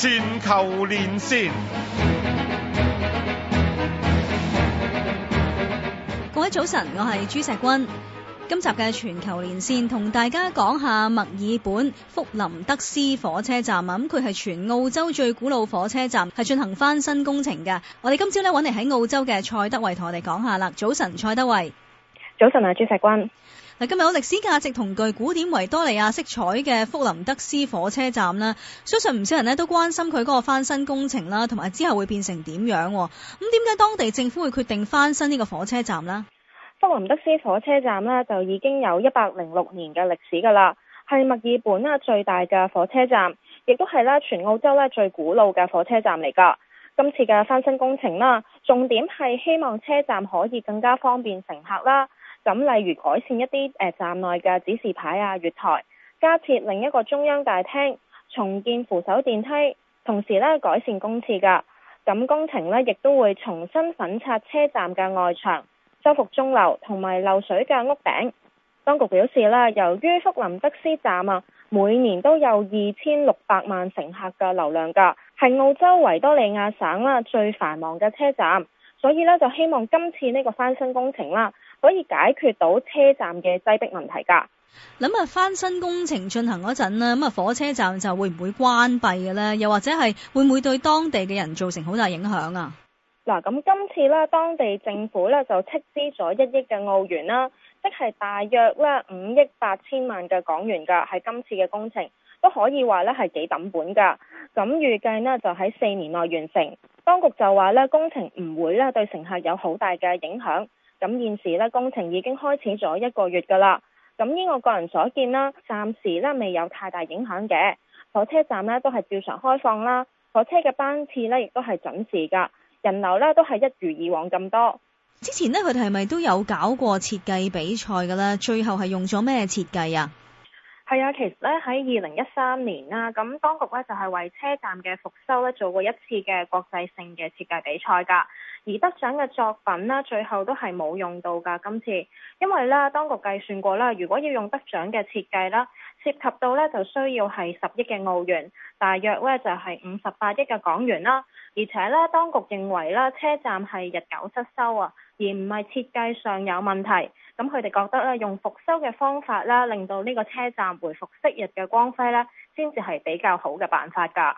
全球連線，各位早晨，我係朱錫君。今集嘅全球連線同大家講下墨爾本福林德斯火車站，咁佢係全澳洲最古老火車站，係進行翻新工程嘅。我哋今朝呢搵嚟喺澳洲嘅蔡德蕙同我哋講下啦。早晨，蔡德蕙，早晨啊，朱錫君。嗱，今日有歷史價值同具古典維多利亞色彩嘅福林德斯火車站，相信唔少人都關心佢嗰個翻新工程啦，同埋之後會變成點樣？咁點解當地政府會決定翻新呢個火車站呢？福林德斯火車站呢，就已經有一百零六年嘅歷史噶啦，係墨爾本啦最大嘅火車站，亦都係啦全澳洲咧最古老嘅火車站嚟噶。今次嘅翻新工程啦，重點係希望車站可以更加方便乘客啦。咁例如改善一啲、呃、站內嘅指示牌啊、月台，加設另一個中央大廳，重建扶手電梯，同時咧改善公廁㗎。咁工程呢亦都會重新粉刷車站嘅外牆，修復鐘樓同埋漏水嘅屋頂。當局表示啦，由於福林德斯站啊，每年都有二千六百萬乘客嘅流量㗎，係澳洲維多利亞省啦最繁忙嘅車站，所以呢就希望今次呢個翻新工程啦。可以解決到車站嘅擠迫問題㗎。諗啊，翻新工程進行嗰陣咧，咁啊，火車站就會唔會關閉嘅咧？又或者係會唔會對當地嘅人造成好大影響啊？嗱，咁今次咧，當地政府咧就斥資咗一億嘅澳元啦，即係大約咧五億八千萬嘅港元㗎，係今次嘅工程都可以話咧係幾抌本㗎。咁預計咧就喺四年內完成。當局就話咧工程唔會咧對乘客有好大嘅影響。咁現時咧工程已經開始咗一個月㗎啦，咁依我個人所見啦，暫時咧未有太大影響嘅，火車站咧都係照常開放啦，火車嘅班次咧亦都係準時㗎，人流咧都係一如以往咁多。之前咧佢哋係咪都有搞過設計比賽㗎啦？最後係用咗咩設計啊？係啊，其實咧喺二零一三年啦，咁當局咧就係為車站嘅復修咧做過一次嘅國際性嘅設計比賽㗎，而得獎嘅作品呢，最後都係冇用到㗎。今次因為咧當局計算過啦，如果要用得獎嘅設計啦，涉及到咧就需要係十億嘅澳元，大約咧就係五十八億嘅港元啦。而且咧當局認為咧，車站係日久失修啊。而唔係設計上有問題，咁佢哋覺得咧用復修嘅方法啦，令到呢個車站回復昔日嘅光輝呢先至係比較好嘅辦法㗎。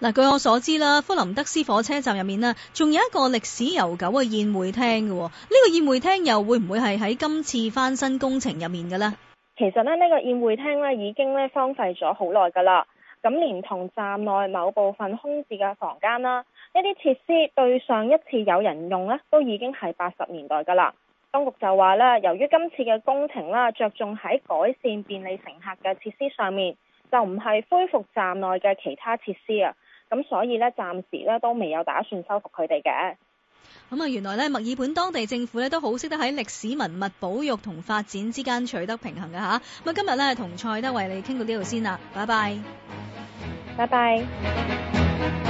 嗱，據我所知啦，福林德斯火車站入面呢，仲有一個歷史悠久嘅宴會廳嘅，呢、呢個宴會廳又會唔會係喺今次翻新工程入面嘅呢？其實呢，呢個宴會廳呢已經咧荒廢咗好耐㗎啦，咁連同站內某部分空置嘅房間啦。呢啲設施對上一次有人用呢，都已經係八十年代噶啦。當局就話呢，由於今次嘅工程啦，着重喺改善便利乘客嘅設施上面，就唔係恢復站內嘅其他設施啊。咁所以呢，暫時呢都未有打算修復佢哋嘅。咁啊，原來呢墨爾本當地政府呢，都好識得喺歷史文物保育同發展之間取得平衡嘅吓。咁啊，今日呢，同蔡德蕙你傾到呢度先啦，拜拜，拜拜。